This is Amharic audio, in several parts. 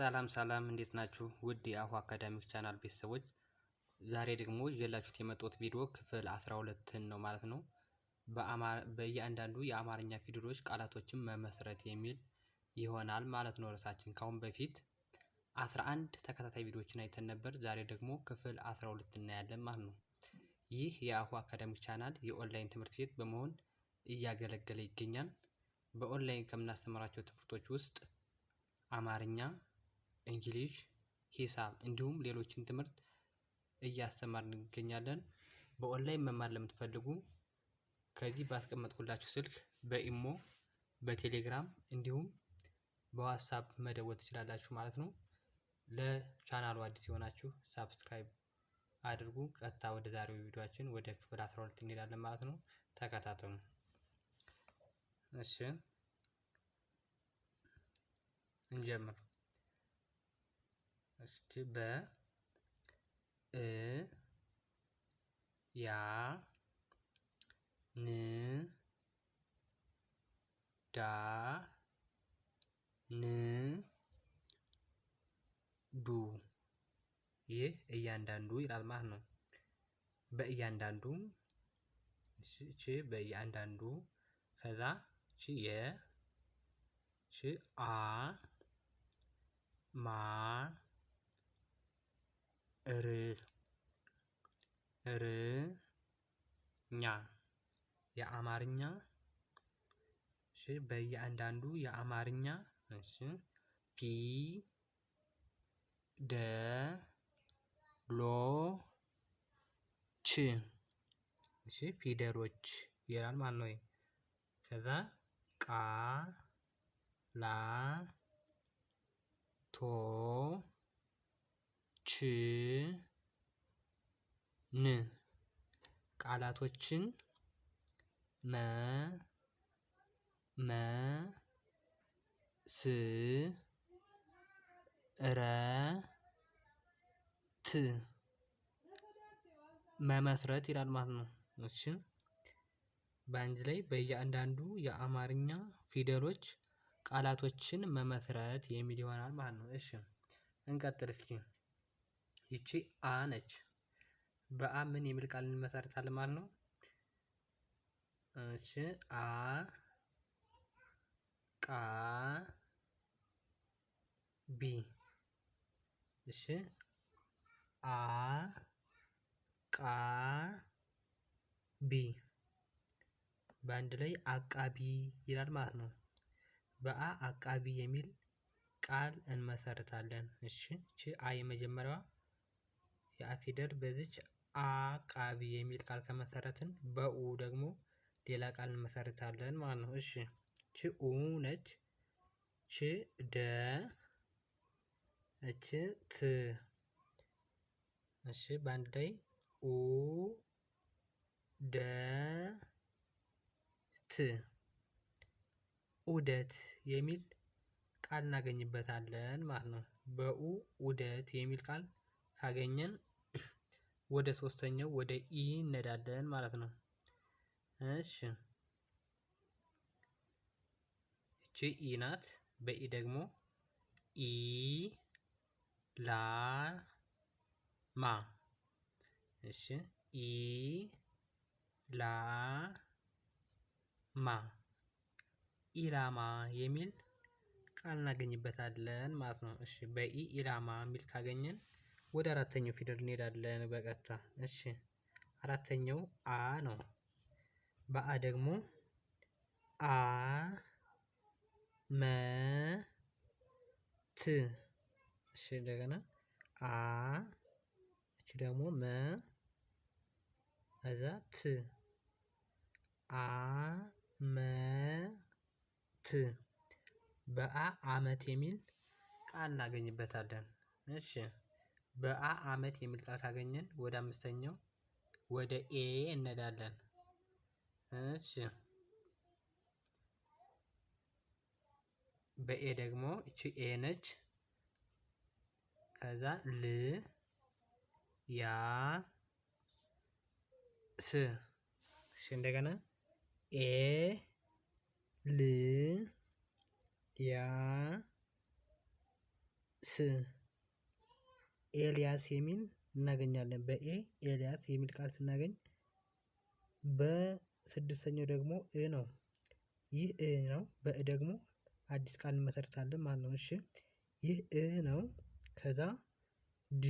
ሰላም ሰላም እንዴት ናችሁ? ውድ የአሁ አካዳሚክ ቻናል ቤተሰቦች ዛሬ ደግሞ ይዤላችሁት የመጡት ቪዲዮ ክፍል 12ን ነው ማለት ነው። በእያንዳንዱ የአማርኛ ፊደሎች ቃላቶችን መመስረት የሚል ይሆናል ማለት ነው ርዕሳችን። ካሁን በፊት 11 ተከታታይ ቪዲዮዎችን አይተን ነበር። ዛሬ ደግሞ ክፍል 12 እናያለን ማለት ነው። ይህ የአሁ አካዳሚክ ቻናል የኦንላይን ትምህርት ቤት በመሆን እያገለገለ ይገኛል። በኦንላይን ከምናስተምራቸው ትምህርቶች ውስጥ አማርኛ እንግሊዝ፣ ሂሳብ እንዲሁም ሌሎችን ትምህርት እያስተማርን እንገኛለን። በኦንላይን መማር ለምትፈልጉ ከዚህ ባስቀመጥኩላችሁ ስልክ በኢሞ በቴሌግራም እንዲሁም በዋትሳፕ መደወል ትችላላችሁ ማለት ነው። ለቻናሉ አዲስ የሆናችሁ ሳብስክራይብ አድርጉ። ቀጥታ ወደ ዛሬው ቪዲዮችን ወደ ክፍል 12 እንሄዳለን ማለት ነው። ተከታተሉ። እሺ እንጀምር። እስቲ በ እ ያ ን ዳ ን ዱ ይህ እያንዳንዱ ይላል ማለት ነው። በእያንዳንዱ ቺ በእያንዳንዱ ከዛ ቺ የ ቺ አ ማ ር ር ኛ የአማርኛ እሺ በየአንዳንዱ የአማርኛ እሺ ፊ ደ ሎ ች እሺ ፊደሮች ይላል ማለት ነው። ከዛ ቃ ላ ቶ ች ን ቃላቶችን መ መ ስ ረ ት መመስረት ይላል ማለት ነው። እሺ በአንድ ላይ በእያንዳንዱ የአማርኛ ፊደሎች ቃላቶችን መመስረት የሚል ይሆናል ማለት ነው። እሺ እንቀጥል እስኪ ይቺ አ ነች። በአ ምን የሚል ቃል እንመሰርታለን ማለት ነው? እሺ አ ቃ ቢ እሺ አ ቃ ቢ በአንድ ላይ አቃቢ ይላል ማለት ነው። በአ አቃቢ የሚል ቃል እንመሰርታለን። እሺ እቺ አ የመጀመሪያዋ የአ ፊደል በዚች አቃቢ የሚል ቃል ከመሰረትን በኡ ደግሞ ሌላ ቃል እንመሰርታለን ማለት ነው። እሺ ች ኡ ነች። ች ደ እች ት እሺ በአንድ ላይ ኡ ደ ት ኡደት የሚል ቃል እናገኝበታለን ማለት ነው። በኡ ኡደት የሚል ቃል ካገኘን ወደ ሶስተኛው ወደ ኢ እነዳለን ማለት ነው። እሺ እቺ ኢ ናት። በኢ ደግሞ ኢ ላ ማ እሺ ኢ ላ ማ ኢላማ የሚል ቃል እናገኝበታለን ማለት ነው። እሺ በኢ ኢላማ የሚል ካገኘን ወደ አራተኛው ፊደል እንሄዳለን በቀጥታ። እሺ አራተኛው አ ነው። በአ ደግሞ አ መ ት። እሺ እንደገና አ እቺ ደግሞ መ እዛ ት አ መ ት በአ አመት የሚል ቃል እናገኝበታለን። እሺ በአ አመት የሚል ቃል ካገኘን ወደ አምስተኛው ወደ ኤ እንሄዳለን። እሺ በኤ ደግሞ እቺ ኤ ነች። ከዛ ል ያ ስ እሺ እንደገና ኤ ል ያ ስ ኤልያስ የሚል እናገኛለን። በኤ ኤልያስ የሚል ቃል ስናገኝ በስድስተኛው ደግሞ እ ነው። ይህ እ ነው። በእ ደግሞ አዲስ ቃል እንመሰርታለን ማለት ነው። እሺ ይህ እ ነው። ከዛ ድ፣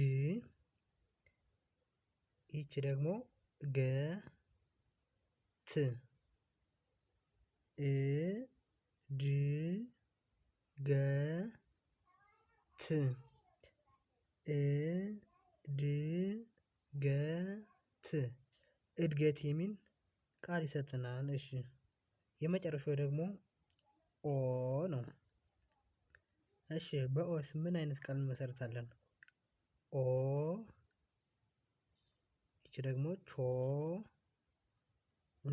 ይቺ ደግሞ ገ፣ ት፣ እ፣ ድ፣ ገ፣ ት እድገት እድገት የሚል ቃል ይሰጠናል። እሺ የመጨረሻው ደግሞ ኦ ነው። እሺ በኦስ ምን አይነት ቃል እንመሰርታለን? ኦ ይቺ ደግሞ ቾ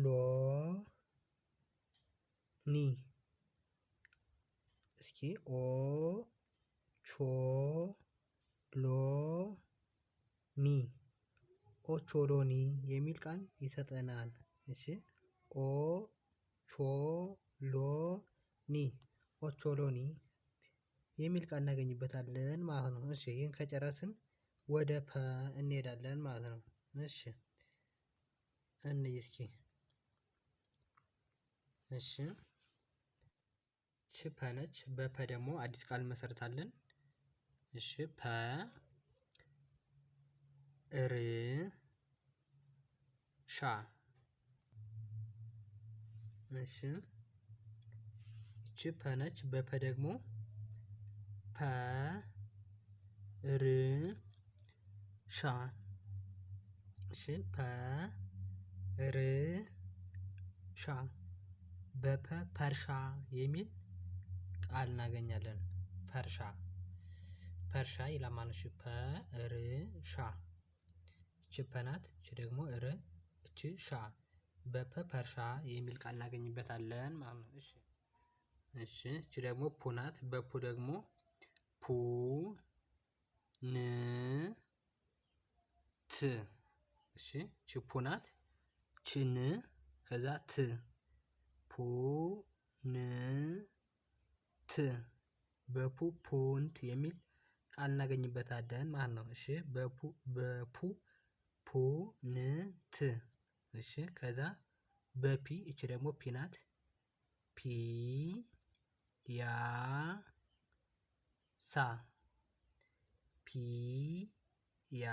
ሎ ኒ እስኪ ኦ ቾ ሎኒ ኦቾሎኒ የሚል ቃል ይሰጠናል። እሺ ኦቾሎኒ ኦቾሎኒ የሚል ቃል እናገኝበታለን ማለት ነው። እሺ ይህን ከጨረስን ወደ ፐ እንሄዳለን ማለት ነው። እሺ እንይ እስኪ እሺ ች ፐ ነች። በፐ ደግሞ አዲስ ቃል እንመሰርታለን እሺ ፐ ር ሻ እሺ እቺ ፐ ነች። በፐ ደግሞ ፐ ር ሻ እሺ ፐ ር ሻ በፐ ፐርሻ የሚል ቃል እናገኛለን። ፐርሻ ፐርሻ ይላል ማለት ነው። ፐርሻ እች ፐናት እች ደግሞ ር እች ሻ በፐ ፐርሻ የሚል ቃል እናገኝበታለን ማለት ነው። እሺ እሺ እች ደግሞ ፑናት በፑ ደግሞ ፑ ን ት እሺ እች ፑናት ችን ከዛ ት ፑ ን ት በፑ ፑንት የሚል ቃል እናገኝበታለን ማለት ነው። እሺ በፑ ፑ ን ት እሺ ከዛ በፒ እቺ ደግሞ ፒናት ፒ ያ ሳ ፒ ያ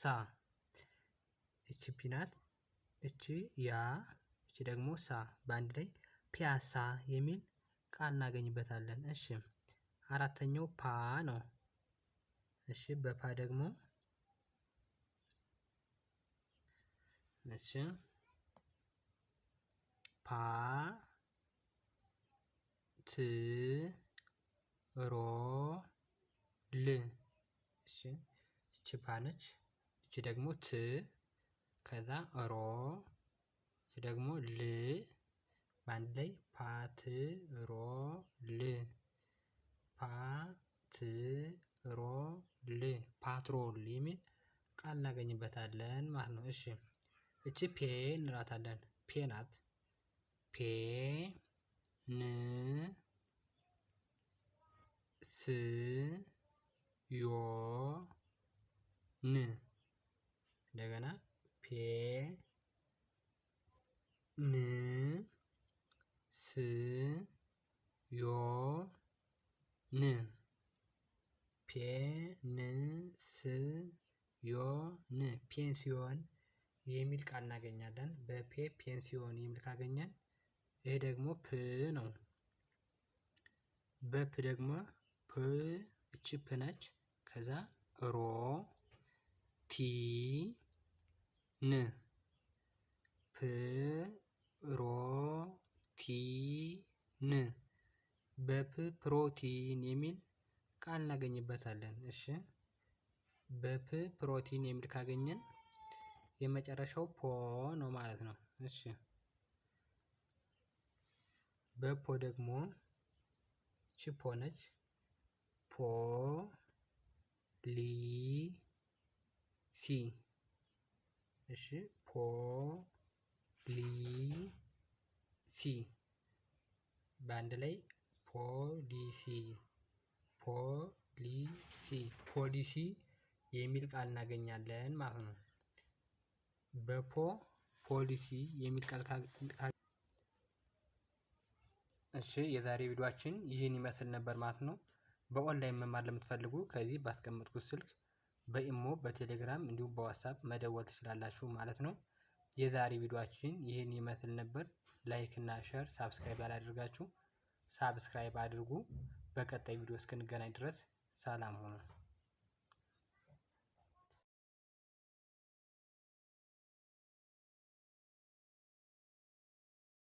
ሳ እቺ ፒናት እቺ ያ እቺ ደግሞ ሳ በአንድ ላይ ፒያሳ የሚል ቃል እናገኝበታለን። እሺ አራተኛው ፓ ነው። እሺ በፓ ደግሞ እሺ ፓ ት ሮ ል እሺ እቺ ፓ ነች። እቺ ደግሞ ት ከዛ ሮ እቺ ደግሞ ል በአንድ ላይ ፓትሮል ፓትሮል ፓትሮል የሚል ቃል እናገኝበታለን ማለት ነው። እሺ እቺ ፔ እንላታለን። ፔ ናት። ፔ ን ስ ዮ ን እንደገና ፔ ን ስ ዮ ን ፔንስዮን ፔንሲዮን የሚል ቃል እናገኛለን። በፔ ፔንሲዮን የሚል ካገኘን ይሄ ደግሞ ፕ ነው። በፕ ደግሞ ፕ እቺ ፕ ነች። ከዛ ሮ ቲ ን ፕ ሮ ቲ ን በፕ ፕሮቲን የሚል ቃል እናገኝበታለን። እሺ በፕ ፕሮቲን የሚል ካገኘን የመጨረሻው ፖ ነው ማለት ነው። እሺ በፖ ደግሞ ችፖ ነች። ፖ ሊ ሲ እሺ ፖ ሊ ሲ በአንድ ላይ ፖሊሲ ፖሊሲ ፖሊሲ የሚል ቃል እናገኛለን ማለት ነው። በፖ ፖሊሲ የሚል ቃል እሺ የዛሬ ቪዲዮችን ይህን ይመስል ነበር ማለት ነው። በኦንላይን መማር ለምትፈልጉ ከዚህ ባስቀመጥኩት ስልክ በኢሞ በቴሌግራም እንዲሁም በዋትሳፕ መደወል ትችላላችሁ ማለት ነው። የዛሬ ቪዲዮችን ይህን ይመስል ነበር። ላይክ እና ሸር ሳብስክራይብ ያላደርጋችሁ ሳብስክራይብ አድርጉ። በቀጣይ ቪዲዮ እስክንገናኝ ድረስ ሰላም ሁኑ።